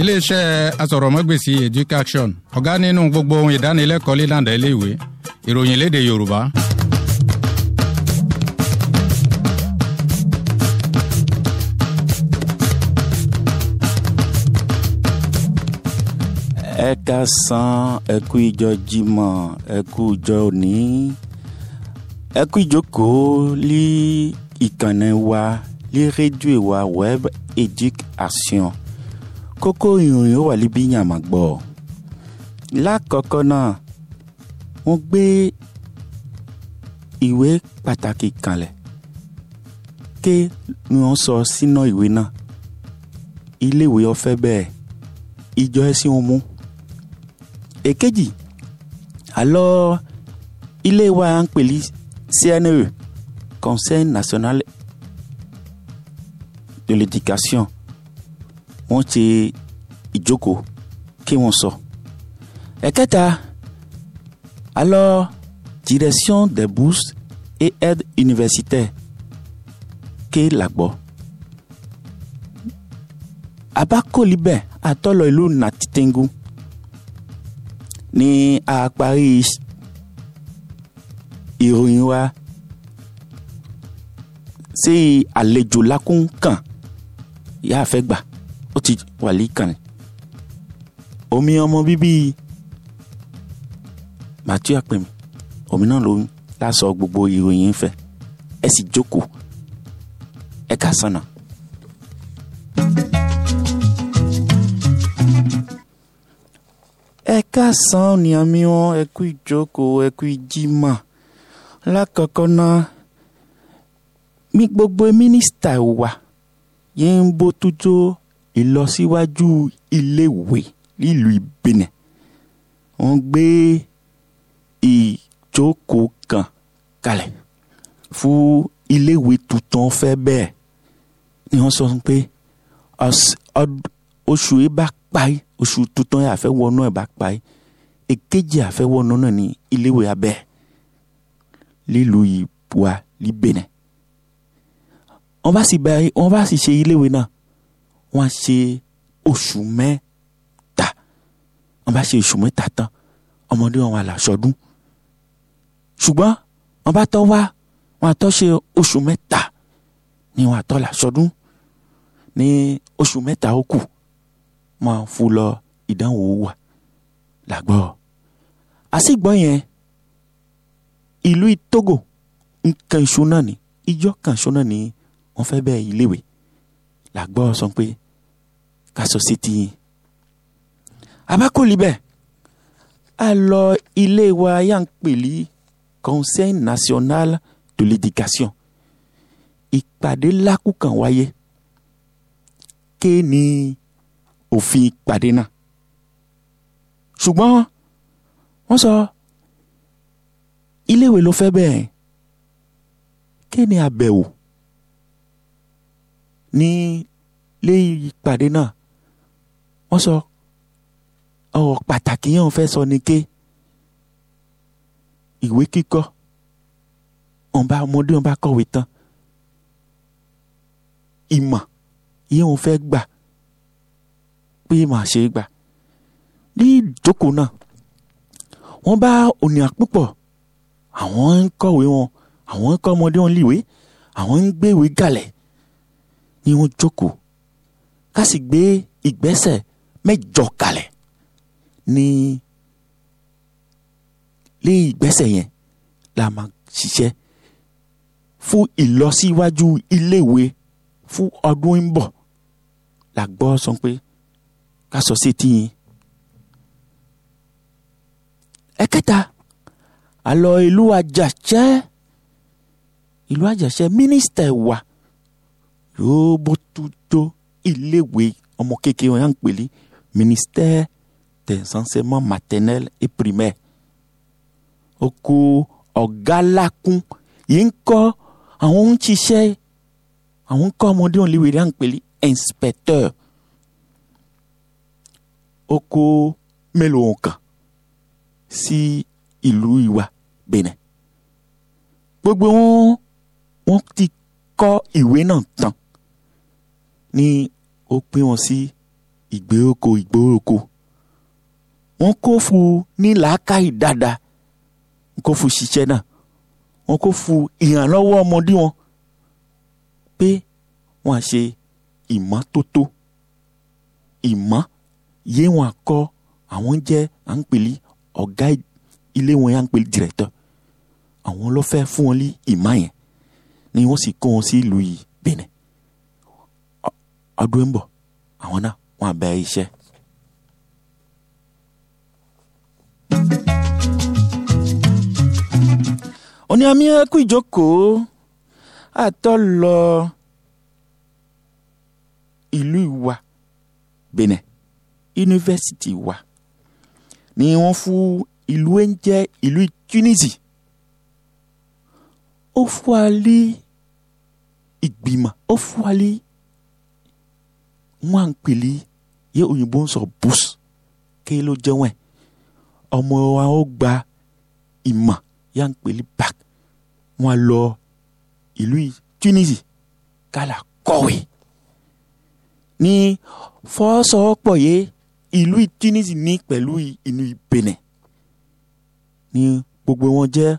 iléeṣẹ́ asọ̀rọ̀mọ́gbèsì education ọ̀gá nínú gbogbo ohun ìdánilẹ́kọ̀ọ́ lílànà iléèwé ìròyìn léde yorùbá. ẹ ká san ẹ kú ìjọ jímọ̀ ẹ ìjọ òní ẹ ìjókòó lí ìkànnì wa lí rédíò wa web education kókó ìròyìn ó wà níbí yàn máa gbọ́ lákọ̀ọ́kọ́ náà wọ́n gbé ìwé pàtàkì kanlẹ̀ ké ni wọ́n sọ sínú ìwé náà iléèwé ọ̀fẹ́ bẹ́ẹ̀ ìjọ ẹ sí wọn mú èkejì àlọ́ ilé wa ń pèlí CNE Conseil National de l'Éducation wọ́n ṣe ìjókòó kí wọ́n sọ. ẹ̀kẹta alors direction des bourses et aides universitaires ké làgbọ́. abakolibẹ atọlọ ìlú natitengu ní a parí ìròyìn wa sí àlejò lakún kan yáa fẹ́ gbà ó ti wà líkànnì omi ọmọ bíbí Matthew Àpèmí omi náà ló lásọ gbogbo ìròyìn fẹ́ ẹ sì jókòó ẹ kà sànà. ẹ káàsán ni àmì wọn ẹ kú ìjókòó ẹ kú ìjímà lákọ̀ọ́kọ́ náà mi gbogbo mínísítà wa yẹn ń bó tútó ìlọsíwájú iléèwé nílùú ìbẹ̀nẹ̀ wọ́n gbé ìjókòó kan kalẹ̀ fún iléèwé tuntun fẹ́ bẹ́ẹ̀ ni wọ́n sọ pé oṣù yìí bá parí oṣù tuntun yà fẹ́ wọnú ẹ̀ bá parí èkejì àfẹ́ wọnú náà ní iléèwé abẹ́ lílùú ìbúwa líbẹ̀nẹ̀ wọ́n bá sì bẹ̀rẹ̀ wọ́n bá sì ṣe iléèwé náà wọ́n á ṣe oṣù mẹ́ta wọ́n bá ṣe oṣù mẹ́ta tán ọmọdé wọn wà láṣọdún ṣùgbọ́n wọ́n bá tọ́ wá wọ́n á tọ́ ṣe oṣù mẹ́ta ni wọ́n á tọ́ láṣọdún ní oṣù mẹ́ta ó kù wọ́n á fún lọ ìdánwò wà làgbọ́ àṣìgbọ́ yẹn ìlú Togo nǹkan ìṣúná ni ìjọ kan ìṣúná ni wọ́n fẹ́ bẹ́ẹ̀ iléèwé làgbọ́ sọ pé kásọ̀sítì yìí abákòlì bẹ́ẹ̀ a lọ ilé wa yà ń pèlí conseil national de l'éducation ìpàdé lákù kan wáyé ké ní òfin ìpàdé náà ṣùgbọ́n wọ́n sọ iléèwé ló fẹ́ bẹ́ẹ̀ ké ní àbẹ̀wò ní lẹ́yìn ìpàdé náà wọ́n sọ ọ̀rọ̀ pàtàkì yẹn fẹ́ sọ ni ké ìwé kíkọ́ wọn bá ọmọdé wọn bá kọ̀wé tán ìmọ̀ yẹn wọn fẹ́ gbà pé màá ṣe é gbà ní ìjókòó náà wọ́n bá ònìyàn púpọ̀ àwọn ń kọ̀wé wọn àwọn ń kọ́ ọmọdé wọn líwèé àwọn ń gbéwèé gàlẹ̀ ni wọ́n jókòó ká sì gbé ìgbésẹ̀ mẹ́jọ kalẹ̀ ní lé ìgbésẹ̀ yẹn la máa ṣiṣẹ́ fún ìlọsíwájú iléèwé fún ọdún ń bọ̀ la gbọ́ sọ pé ká sọ sí tìyín. ẹ̀kẹta àlọ́ ìlú àjàṣẹ́ ìlú àjàṣẹ́ mínísítà wa yóò bó tó iléèwé ọmọ kékeré wọn yà ń pèlè ministère des enseignements maternels et primaires. Oko ọ̀gá lákún yìí ń kọ́ àwọn ń ṣiṣẹ́ àwọn ń kọ́ ọmọdé òun léwèrè inspecteur. Oko melo onka si ìlú ìwà Benin. Gbogbo wọn wọ́n ti kọ́ ìwé náà tán ni ó pín wọn sí. Si ìgbéròkó ìgbéròkó wọn kò fún un ní làákàyè dáadáa wọn kò fún ṣiṣẹ́ náà wọn kò fún ìrànlọ́wọ́ ọmọdé wọn pé wọn à ṣe ìmọ́tótó ìmọ́ yé wọn àkọ àwọn jẹ́ à ń pèlí ọ̀gá ilé wọn yà ń pèlí dìrẹ́tọ̀ àwọn ló fún wọn ní ìmọ̀ yẹn ni wọ́n sì kó wọn sí ìlú yìí Benin ọdún ń bọ̀ àwọn náà wọn abẹ iṣẹ́. oni àmì ẹkú ìjókòó àtọ́ lọ ìlú ìwà Benin yunifásitì wa ni wọ́n fún ìlú ẹ̀ ń jẹ́ ìlú Tunisi ó fún wa lé ìgbìmọ̀ ó fún wa lé wọn à ń pèlè yé òyìnbó ń sọ boost ké ló jẹ́ wẹ̀ ọmọ wa ó gba ìmọ̀ yá ń pèlè back wọn lọ ìlú Tunisi kálá kọ̀wé ní fọ́sọ̀ọ́pọ̀ yé ìlú Tunisi ní pẹ̀lú ìlú Benin ní gbogbo wọn jẹ́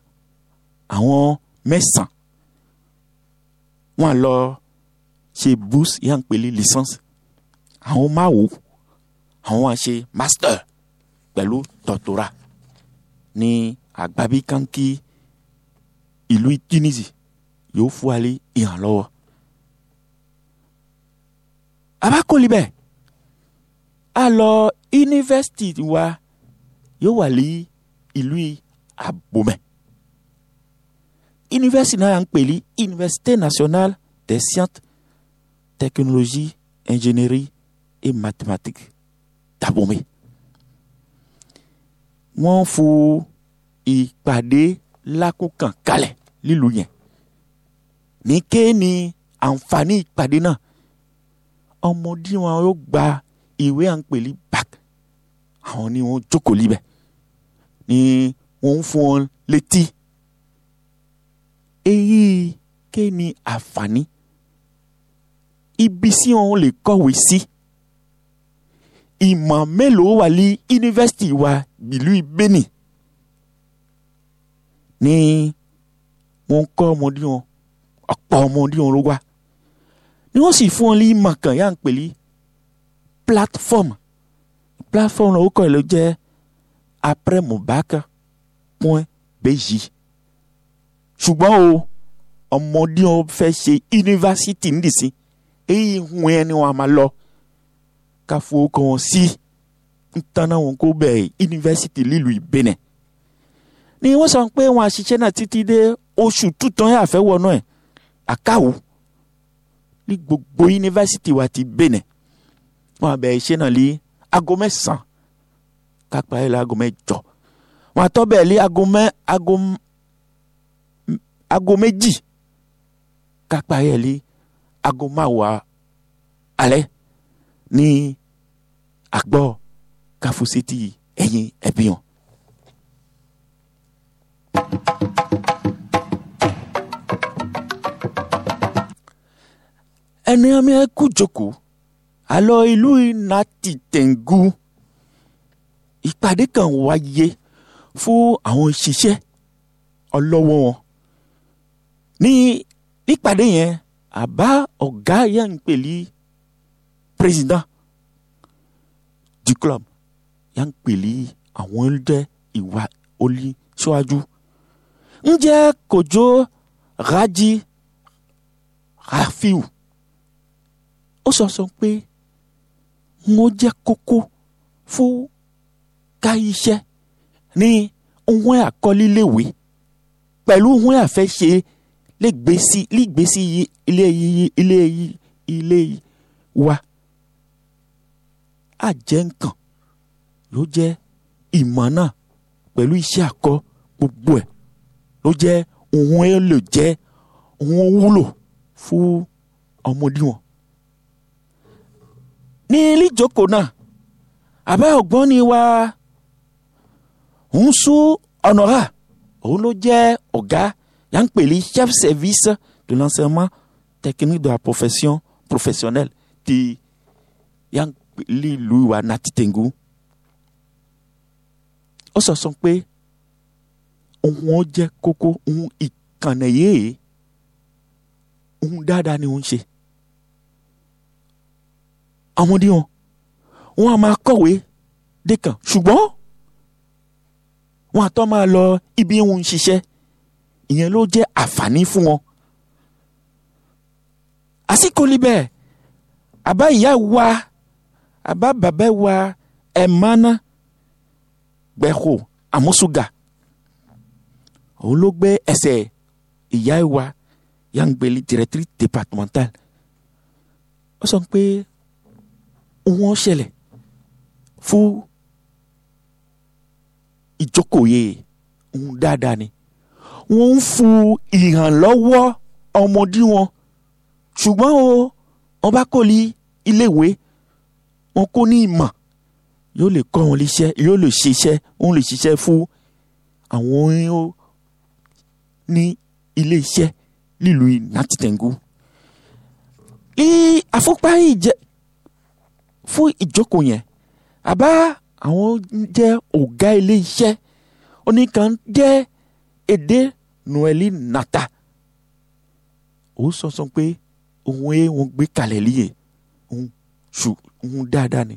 àwọn mẹ́sàn wọn lọ ṣe boost yá ń pèlè licence àwọn máa wò ó àwọn ṣe master pẹ̀lú tọ̀tòrà ní àgbàbí kankí ìlú Tunisie, yóò fún alẹ́ ìrànlọ́wọ́. abakoli bẹ́ẹ̀ a lọ yunifásitì wa il wà ní ìlú abomẹ yunifásitì náà à ń Université nationale des sciences technologies ingénierie et mathématiques tàbómi. wọ́n fo ìpàdé lákòókàn kalẹ̀ lílùú yẹn ní kéènì àǹfààní ìpàdé náà ọmọdé wọn yóò gba ìwé à ń pè ní bac àwọn ni wọn jókòó líbẹ̀ ni wọn ń fún wọn létí èyí kéènì àǹfààní ibi tí wọn lè kọ̀wé sí. Si ìmọ̀ mélòó wà ní yunifásitì wa ìlú Benin ní wọ́n kọ́ ọmọdé wọn ọ̀pọ̀ ọmọdé wọn ló wá ni wọ́n sì fún wọn ní ìmọ̀ kan yá ń pè ní platform platform náà ó kọ́ ẹ̀ ló jẹ́ après Mobaka point bj ṣùgbọ́n o ọmọdé wọn fẹ́ ṣe yunifásitì nídìsín èyí hun ẹni wọn a máa lọ kafo kan si ntana wọn kó bẹ yunifásitì lílu ìbẹnẹ ni wọn sọ pé wọn àṣìṣe náà títí dé oṣù tuntun yà fẹ́ wọnú ẹ̀ e. àkàwò ní gbogbo yunifásitì wa ti bẹnẹ wọn àbẹ̀ ṣe náà lé aago mẹ́sàn kápá yìí e lé aago mẹ́jọ wọn àtọ́ bẹ̀ lé aago mẹ́ aago aago méjì kápá yìí lé aago máa e wà alẹ́ ní akpɔ kafoseti ɛyin ɛbiɔn. ɛnìyàmí ɛkú joko alɔ ìlú nati tẹ̀ngú ìpàdé kan wáyé fún àwọn òṣìṣẹ́ ọlọ́wọ́ wọn ní nípàdé yẹn àbá ọ̀gá yẹn ń pèlí président du club yàn pèlè àwọn jẹ́ ìwà olí síwájú ǹjẹ́ kòjó rájí rafiu ó sọ sọ pé wọ́n jẹ́ kókó fún ká iṣẹ́ ní wọ́n àkọ́lélẹ́wé pẹ̀lú wọ́n àfẹ́ ṣe lẹ́gbẹ̀ẹ́sí ilé yìí ilé yìí ilé yìí wa. àjẹǹkan ló jẹ́ ìmọ̀ náà pẹ̀lú iṣẹ́ àkọ́ gbogbo ẹ̀ ló jẹ́ òun ẹ̀ lè jẹ́ òun wúlò fún ọmọdé wọn. ní ilé ìjókòó náà àbá ọ̀gbọ́n ni wa ń sú ọ̀nà rà òun ló jẹ́ ọ̀gá chef service de l'enseignement technique de la profession professionnelle ti yà lílùú wa nàtìtẹ̀ngù ó sọ sọ pé òun jẹ́ kókó òun ìkànnì yìí òun dáadáa ni òun ṣe àwọn ọdí wọn wọn a máa kọ̀wé dẹ́kàn ṣùgbọ́n wọn àtọ́ máa lọ ibi òun ń ṣiṣẹ́ ìyẹn ló jẹ́ àǹfààní fún wọn àsìkò libẹ̀ àbá ìyá wa aba babawa emana gbẹ̀xo amusuga òun ló gbé ẹsẹ̀ ìyá wa yangbeli directrice départemental ó sọ pé wọ́n ṣẹlẹ̀ fún ìjókòye òun dáadáa ni wọ́n ń fún ìrànlọ́wọ́ ọmọdé wọn ṣùgbọ́n o ọba kò lè iléèwé wọn kò ní ìmọ̀ yóò lè kọ́ wọn léṣẹ́ yóò lè ṣiṣẹ́ wọn lè ṣiṣẹ́ fún àwọn orin ó ní ilé iṣẹ́ nílùú ìnátìtẹ̀ngú. ní àfọ́párí ìjẹ́ fún ìjókòó yẹn àbá àwọn jẹ́ ọ̀gá ilé iṣẹ́ oníkan jẹ́ èdè noeli nata ó sọ sọ pé òun ẹ wọn gbé kalẹ̀ líye òun ṣù ohun dáadáa ni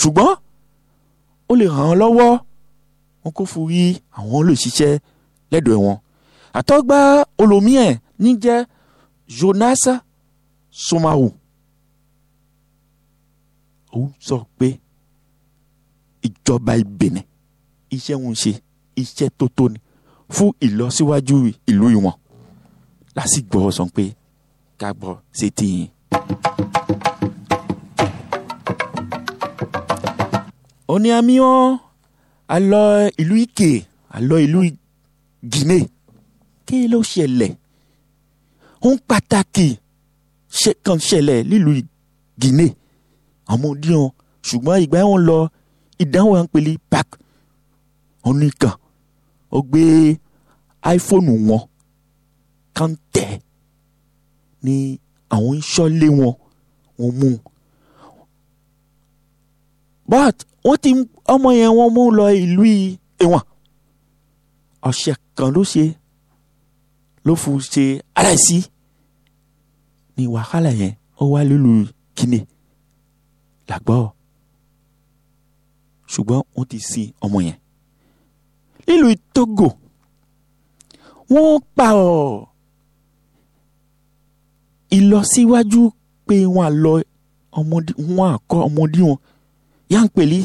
ṣùgbọ́n ó lè ràn án lọ́wọ́ wọn kò forí àwọn olùṣiṣẹ́ lẹ́dọ̀ọ́ wọn àtọ́gbá olómi ẹ̀ ní jẹ́ Jonas Somaru òun sọ pé ìjọba ìbẹ̀nẹ̀ iṣẹ́ wọn ṣe iṣẹ́ tó tó ni fún ìlọsíwájú ìlú ìwọ̀n lásìgbọ́ sọ pé ká gbọ́ sétí yìí. òní àmì wọn a lọ ìlú ike a lọ ìlú Guinea kí ló ṣẹlẹ̀ ohun pàtàkì ṣe kan ṣẹlẹ̀ nílùú Guinea àmọ́dé wọn ṣùgbọ́n ìgbà wọn lọ ìdánwò à ń pèlè park oníkan ó gbé iPhone wọn kàn tẹ̀ ní àwọn ìṣọ́lé wọn wọn mú un but wọ́n ti ọmọ yẹn wọ́n mú lọ ìlú ẹ̀wọ̀n ọ̀sẹ̀ kan ló ṣe ló fún ṣe aláìsí ni wàhálà yẹn ó wá lílu kíni làgbọ́ ṣùgbọ́n wọ́n ti sin ọmọ yẹn lílu Togo wọ́n pa ọ́ ìlọsíwájú pé wọ́n á lọ ọmọdé wọ́n á kọ́ ọmọdé wọn Yankpeli.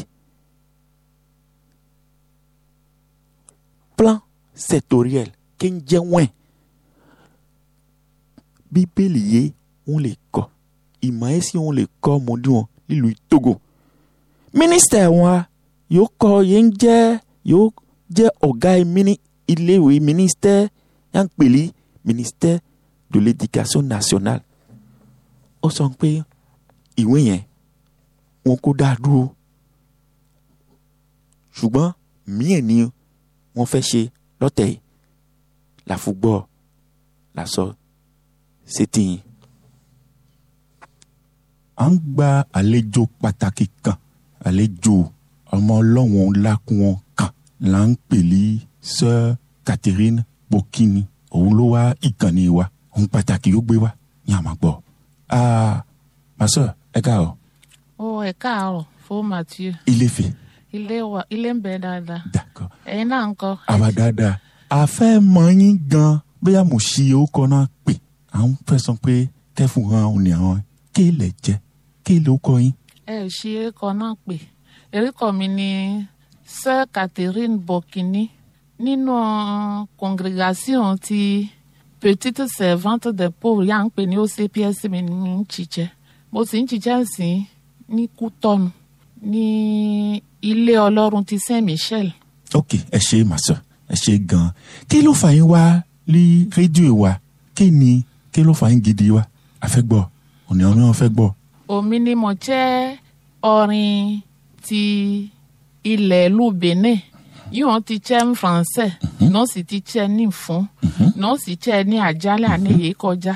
Plan sectoriel ke ń jẹ́ wẹ́n. Bíbélì le òun lè kọ́. Ìmọ̀ ẹ́ sì òun lè kọ́ ọmọdún wọn nílùú Togo. Mínísítà ẹ̀wọ̀n yóò kọ́ yé ń jẹ́ yóò jẹ́ e ọ̀gá iléèwé mínísítẹ́ Yankpeli mínísítẹ́ de l'éducation nationale. Ó sọ pé ìwé yẹn wọn kò dá dúró ṣùgbọ́n míì ni wọ́n fẹ́ ṣe lọ́tẹ̀ yìí làfúgbọ́ làsọ sétìyìn. à ń gba àlejò pàtàkì kan àlejò ọmọ ọlọ́wọ̀n lákùn kan là ń pè ní sir Catherine Bokini òun ló wá ìkànnì wa òun pàtàkì yóò gbé wa ní àmà gbọ́. ah ma sọ ẹ káàárọ̀. ó oh, ẹ káàárọ̀ fún Mathieu. Ilé Ifẹ̀ ilé wa ilé ń bẹ dáadáa. d'accord a fẹ́ mọ yín gan bóyá mo ṣí i ó kọ́ náà pè à ń fẹ́ sọ pé kẹ́fù hàn òun ni àwọn kéèlè jẹ́ kéèlè ó kọ yín. ẹ ò ṣí erékọ náà pè erékọ mi ni sir catherine bokini nínú congregation uh, ti petite servante de pauvres yà ń pè ní ocps mi ní ń ṣiṣẹ́ mo sì ń ṣiṣẹ́ sí ní kútọ́nù ní ilé ọlọ́run ti saint michel. ok ẹ ṣe màsọ ẹ ṣe gan-an kí ló fà yín wá rí rédíò wa kí ni kí ló fà yín gidi wa a fẹ́ gbọ́ òní ọmọ wọn fẹ́ gbọ́. òmi ni mo jẹ́ orin ti ilẹ̀ ìlú benin yóò ti jẹ́ ń faransé mhm. náà sì ti jẹ́ ní ìfún mhm. náà sì jẹ́ ní àjálẹ̀ àní èyí mhm. kọjá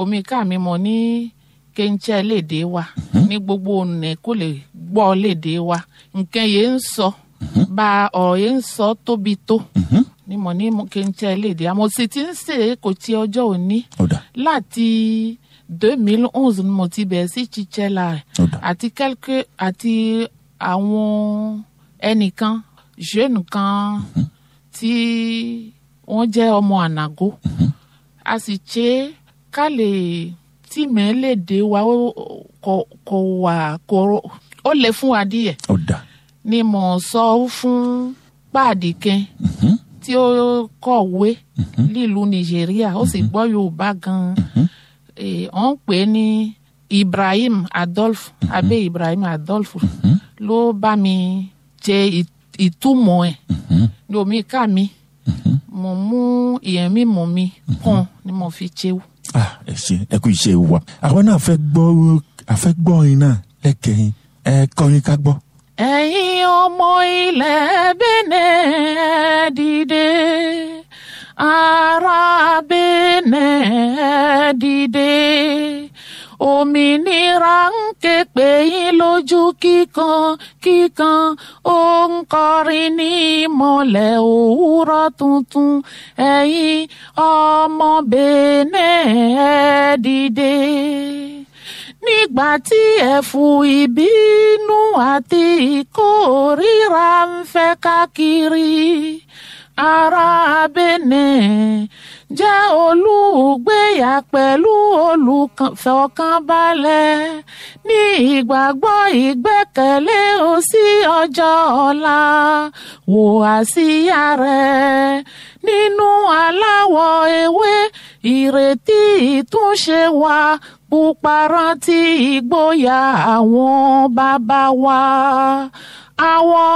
omi ká mi mọ̀ ní kéńtsẹ́ léde wa ní gbogbo ọ̀nà kó lè gbọ́ léde wa nǹkan yẹn ń sọ mhm. bá ọ̀rọ̀ yẹn ń sọ tóbi tó mhm. ni mo ní kí n tẹ́ léde àmọ́ sì ti ń ṣe kò tí ọjọ́ òní láti deux mille onze ni mo ti bẹ̀rẹ̀ sí ṣiṣẹ́ la rẹ̀ àti quelque àti àwọn ẹnìkan jeune kan mhm. tí wọ́n jẹ́ ọmọ ànàgó a sì ṣe ká lè tí mẹ́lẹ̀dẹ́ wa kò wà kọ́rọ́ ó lè fún wa díẹ̀ ni mò ń sọ fún Pàdíkẹ́ mm-hmm. tí ó kọ̀wé mm-hmm. nílùú Nàìjíríà ó sì mm-hmm. gbọ́ Yorùbá gan-an ń pè é ní Ibrahim Adolf Abe Ibrahim Adolf ló bá mi jẹ ìtumọ̀ ẹ̀ ní omi ká mi mo mú ìyẹn mímú mi kàn ni mo fi jẹun. Ah, ẹ ṣe ẹ kú iṣẹ́ wa àwa náà fẹ́ gbọ́ àfẹ́ gbọ́ yín náà lẹ́kẹ̀ẹ́ ẹ kọrin ká gbọ́. ẹ̀yin ọmọ ilẹ̀ bẹ́nẹ̀ dìde ará bẹ́nẹ̀ dìde òmìnira ń ké pè yín lójú kíkan kíkan ó ń kọrin ní ìmọ̀lẹ̀ òwúrọ̀ tuntun ẹ̀yin ọmọ bẹ́nẹ̀ dìde nígbà tí ẹ̀fù ìbínú àti ìkórìíra ń fẹ́ káàkiri ará Benin jẹ́ olùgbéyà pẹ̀lú olùfọ̀kànbalẹ̀ ní ìgbàgbọ́ ìgbẹ́kẹ̀lé o sí ọjọ́ ọ̀la wò àsíá rẹ̀ nínú aláwọ̀ ewé ìrètí ìtúnṣe wa púparọ́ tí ìgboyà àwọn bàbá wa àwọn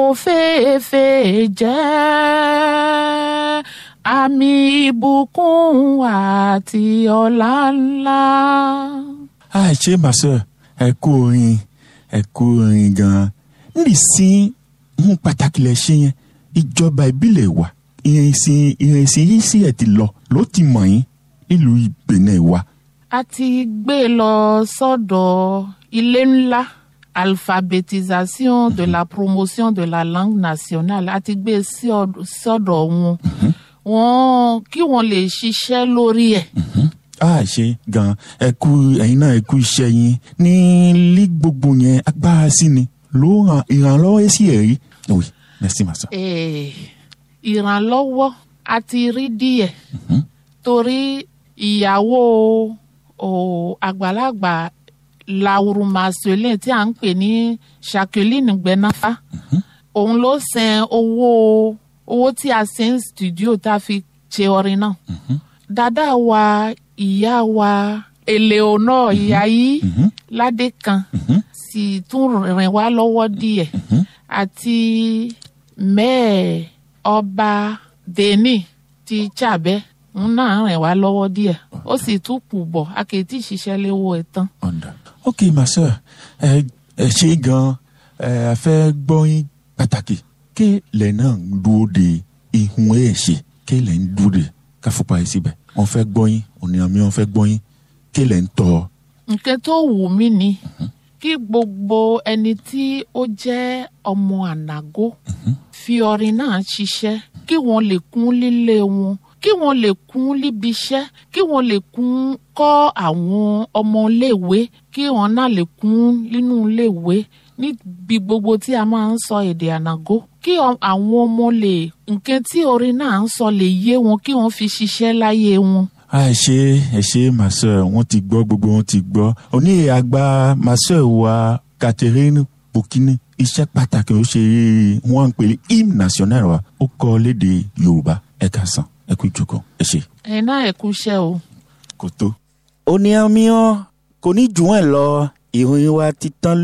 òféèfé jẹ́ àmì ìbùkún àti ọlá ńlá. àìṣe màṣẹ ẹ kú orin ẹ kú orin gan-an nísìn ń pàtàkì lẹ ṣe yẹn ìjọba ìbílẹ̀ wa ìrìnsìn ìrìnsìn yìí sì ẹ̀ ti lọ ló ti mọ̀ yín nílùú Benin wa a ti gbé e lọ sọ́dọ̀ ilé ńlá alphabétisation de la promotion de la langue nationale a ti gbé e sọ́dọ̀ wọn wọn kí wọn lè ṣiṣẹ́ lórí ẹ̀ a ṣe gan ẹ kú ẹ̀yin náà ẹ kú iṣẹ́ yín ní lí gbogbo yẹn agbára sí ni ló ràn ìrànlọ́wọ́ sí ẹ rí oui merci ma sœur. Eh, ìrànlọ́wọ́ a ti rí díẹ̀ mhm. torí ìyàwó àgbàlagbà lawurumazole tí a ń pè ní jacqueline gbenafa mhm. òun ló san owó owó tí a ṣe ń studio tá a fi ṣe orin náà mhm. dada wa ìyá wa eleonor mhm. yayi ládé kan sì tún rìn wá lọ́wọ́ díẹ̀ àti mẹ́ẹ̀ ọba deni ti chabẹ́ ń náà rìn wá lọ́wọ́ díẹ̀ ó sì tún kù bọ̀ a kì í tí ì ṣiṣẹ́ léwó ẹ̀ tán. ok ma sọ ẹ ẹ ṣe gan-an ẹ fẹ́ gbọ́ yín pàtàkì kí lẹ̀ náà ń dúró de ihun ẹ̀ ṣe kí lẹ̀ ń dúró de káfọ́pá yìí síbẹ̀ wọ́n fẹ́ gbọ́ yín ònìyàn mi wọ́n fẹ́ gbọ́ yín kí lẹ̀ ń tọ́. nǹkan tó wù mí ni mhm. kí gbogbo ẹni tí ó jẹ́ ọmọ ànágó mhm. fi ọrin náà ṣiṣẹ́ kí wọ́n lè kún lílé wọn. Mm -hmm kí wọ́n lè kún líbi iṣẹ́ kí wọ́n lè kún kọ́ àwọn ọmọ iléèwé kí wọ́n náà lè kún nínú iléèwé níbi gbogbo tí a máa ń sọ èdè ànàgó kí àwọn ọmọ lè nǹkan tí orin náà ń sọ lè yé wọn kí wọ́n fi ṣiṣẹ́ láyé wọn àìṣe ẹṣe màṣẹ wọn ti gbọ́ gbogbo wọn ti gbọ́ òní àgbà màṣẹ wa Catherine Bukini iṣẹ́ pàtàkì ó ṣe wọn ń pè ní Im national wa ó kọ lédè Yorùbá ẹ̀ka sàn ẹ kú ìjókòó ẹ ṣe. ẹ̀yin náà ẹ kú iṣẹ́ o. kò tó. ó ní àmì kò ní jù wọ́n lọ ìròyìn wa ti tán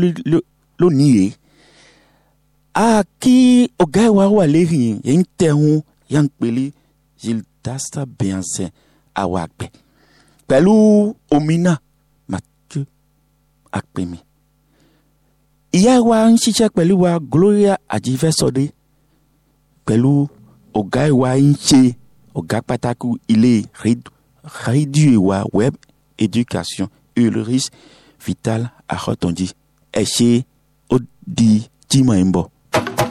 lónìí yìí. a kí ọ̀gá ìwà wà lẹ́yìn yẹn ń tẹ̀hún yà ń pèlè gildasta beyonce àwọn àgbẹ̀ pẹ̀lú omi náà matthew apèmí. ìyá wa ń ṣiṣẹ́ pẹ̀lú wa gloria ajifẹ́sọdé pẹ̀lú ọ̀gá ìwà ń ṣe. au gakpataku réduit à web éducation ulris vital a retondi ṣe ó